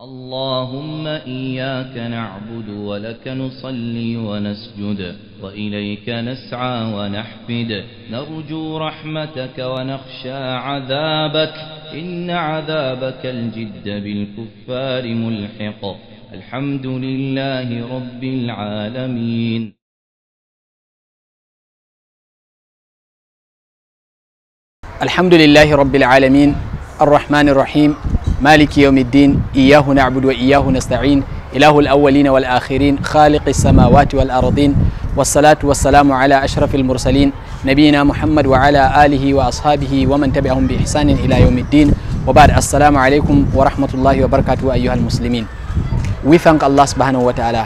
اللهم إياك نعبد ولك نصلي ونسجد وإليك نسعى ونحفد نرجو رحمتك ونخشى عذابك إن عذابك الجد بالكفار ملحق الحمد لله رب العالمين الحمد لله رب العالمين الرحمن الرحيم مالك يوم الدين إياه نعبد وإياه نستعين إله الأولين والآخرين خالق السماوات والأرضين والصلاة والسلام على أشرف المرسلين نبينا محمد وعلى آله وأصحابه ومن تبعهم بإحسان إلى يوم الدين وبعد السلام عليكم ورحمة الله وبركاته أيها المسلمين We thank Allah subhanahu wa ta'ala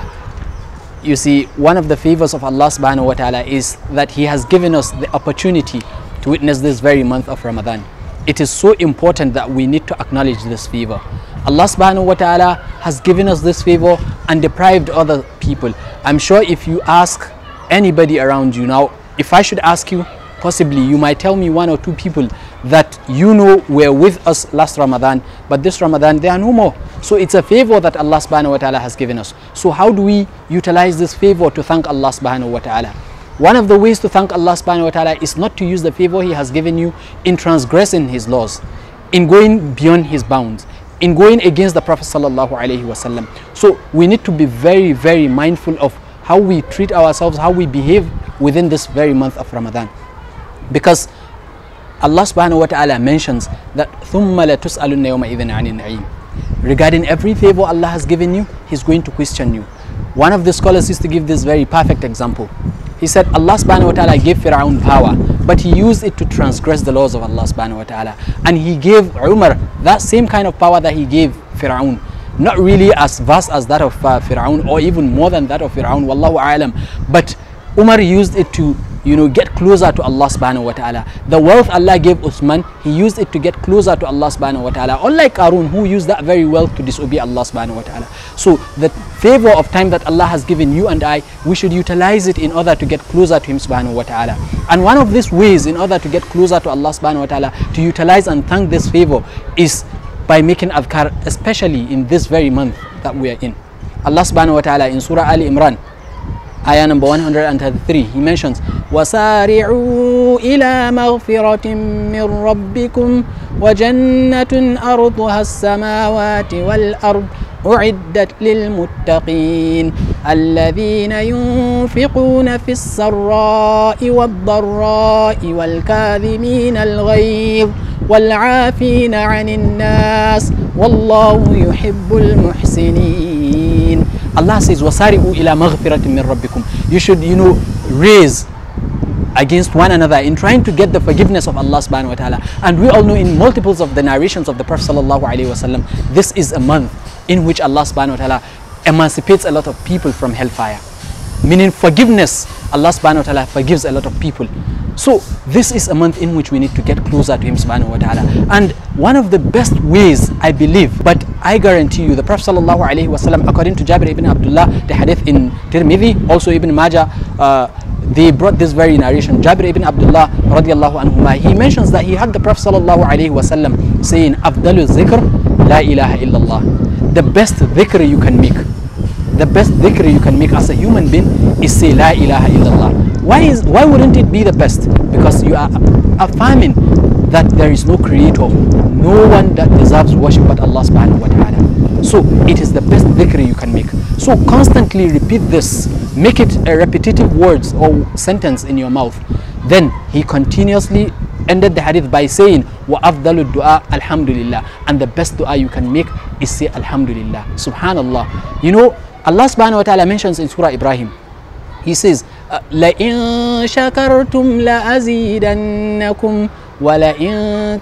You see, one of the favors of Allah subhanahu wa ta'ala is that He has given us the opportunity to witness this very month of Ramadan. it is so important that we need to acknowledge this favor. Allah subhanahu wa ta'ala has given us this favor and deprived other people. I'm sure if you ask anybody around you now, if I should ask you, possibly you might tell me one or two people that you know were with us last Ramadan, but this Ramadan they are no more. So it's a favor that Allah subhanahu wa ta'ala has given us. So how do we utilize this favor to thank Allah subhanahu wa ta'ala? One of the ways to thank Allah subhanahu wa ta'ala is not to use the favor he has given you in transgressing his laws, in going beyond his bounds, in going against the Prophet sallallahu alaihi wasallam. So we need to be very, very mindful of how we treat ourselves, how we behave within this very month of Ramadan. Because Allah subhanahu wa ta'ala mentions that ثُمَّ لَتُسْأَلُنَّ يَوْمَئِذٍ عَنِ النَّعِيمِ Regarding every favor Allah has given you, He's going to question you. One of the scholars used to give this very perfect example. He said Allah subhanahu wa ta'ala gave Fir'aun power, but he used it to transgress the laws of Allah subhanahu wa ta'ala. And he gave Umar that same kind of power that he gave Fir'aun. Not really as vast as that of uh, Fir'aun or even more than that of Fir'aun, wallahu alam. But Umar used it to you know, get closer to Allah subhanahu wa ta'ala. The wealth Allah gave Uthman, he used it to get closer to Allah subhanahu wa ta'ala. Unlike Arun, who used that very wealth to disobey Allah subhanahu wa ta'ala. So the favor of time that Allah has given you and I, we should utilize it in order to get closer to Him subhanahu wa ta'ala. And one of these ways in order to get closer to Allah subhanahu wa ta'ala, to utilize and thank this favor is by making adhkar, especially in this very month that we are in. Allah subhanahu wa ta'ala in Surah Ali Imran, ayah آية number 133 he mentions وسارعوا إلى مغفرة من ربكم وجنة أرضها السماوات والأرض أعدت للمتقين الذين ينفقون في السراء والضراء والكاذبين الغيظ والعافين عن الناس والله يحب المحسنين in, Allah says, وَسَارِعُوا إِلَى مَغْفِرَةٍ مِّن رَبِّكُمْ You should, you know, raise against one another in trying to get the forgiveness of Allah subhanahu wa ta'ala. And we all know in multiples of the narrations of the Prophet sallallahu alaihi wasallam, this is a month in which Allah subhanahu wa ta'ala emancipates a lot of people from hellfire. Meaning forgiveness, Allah subhanahu wa ta'ala forgives a lot of people. So this is a month in which we need to get closer to Him subhanahu wa ta'ala. And one of the best ways I believe but I guarantee you the Prophet sallallahu alaihi wasallam according to Jabir ibn Abdullah the hadith in Tirmidhi also Ibn Majah uh, they brought this very narration Jabir ibn Abdullah radiallahu anhuma he mentions that he had the Prophet sallallahu alaihi wasallam saying afdalu zikr la ilaha illallah the best dhikr you can make the best dhikr you can make as a human being is say la ilaha illallah why is why wouldn't it be the best because you are affirming that there is no creator, no one that deserves worship but Allah subhanahu wa ta'ala. So it is the best dhikr you can make. So constantly repeat this, make it a repetitive words or sentence in your mouth. Then he continuously ended the hadith by saying wa afdalu du'a alhamdulillah and the best du'a you can make is say alhamdulillah subhanallah you know allah subhanahu wa ta'ala mentions in surah ibrahim he says la in shakartum la ولئن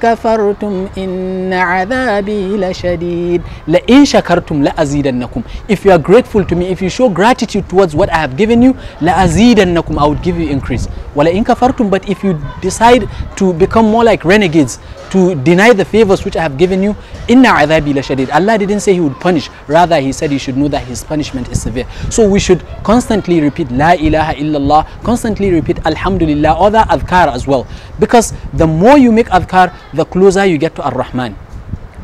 كفرتم إن عذابي لشديد لئن شكرتم لأزيدنكم if you are grateful to me if you show gratitude towards what I have given you لأزيدنكم I would give you increase ولئن كفرتم but if you decide to become more like renegades to deny the favors which I have given you إن عذابي لشديد Allah didn't say he would punish rather he said you should know that his punishment is severe so we should constantly repeat لا إله إلا الله constantly repeat Alhamdulillah other adhkar as well because the more more you make adhkar, the closer you get to Ar-Rahman.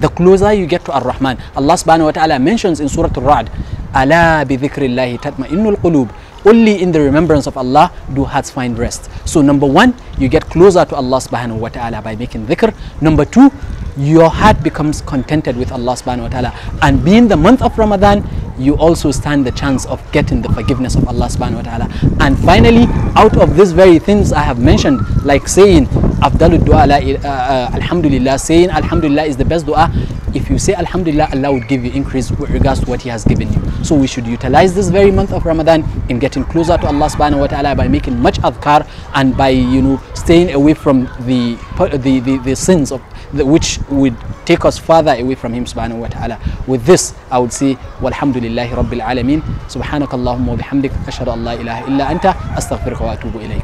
The closer you get to Ar-Rahman. Allah subhanahu wa ta'ala mentions in Surah Al-Ra'd, أَلَا بِذِكْرِ اللَّهِ تَطْمَئِنُّ qulub." Only in the remembrance of Allah do hearts find rest. So number one, you get closer to Allah subhanahu wa ta'ala by making dhikr. Number two, your heart becomes contented with Allah subhanahu wa ta'ala. And being the month of Ramadan, you also stand the chance of getting the forgiveness of Allah subhanahu wa ta'ala. And finally, out of these very things I have mentioned, like saying afdalu dua uh, uh, alhamdulillah, saying alhamdulillah is the best dua. If you say alhamdulillah, Allah would give you increase with regards to what He has given you. So we should utilize this very month of Ramadan in getting closer to Allah subhanahu wa ta'ala by making much adhkar and by, you know, staying away from the, the, the, the sins of the, which would take us further away from him subhanahu wa ta'ala with this i would say walhamdulillahi rabbil alameen subhanakallahumma wa bihamdik ashhadu an ilaha illa anta astaghfiruka wa atubu ilayk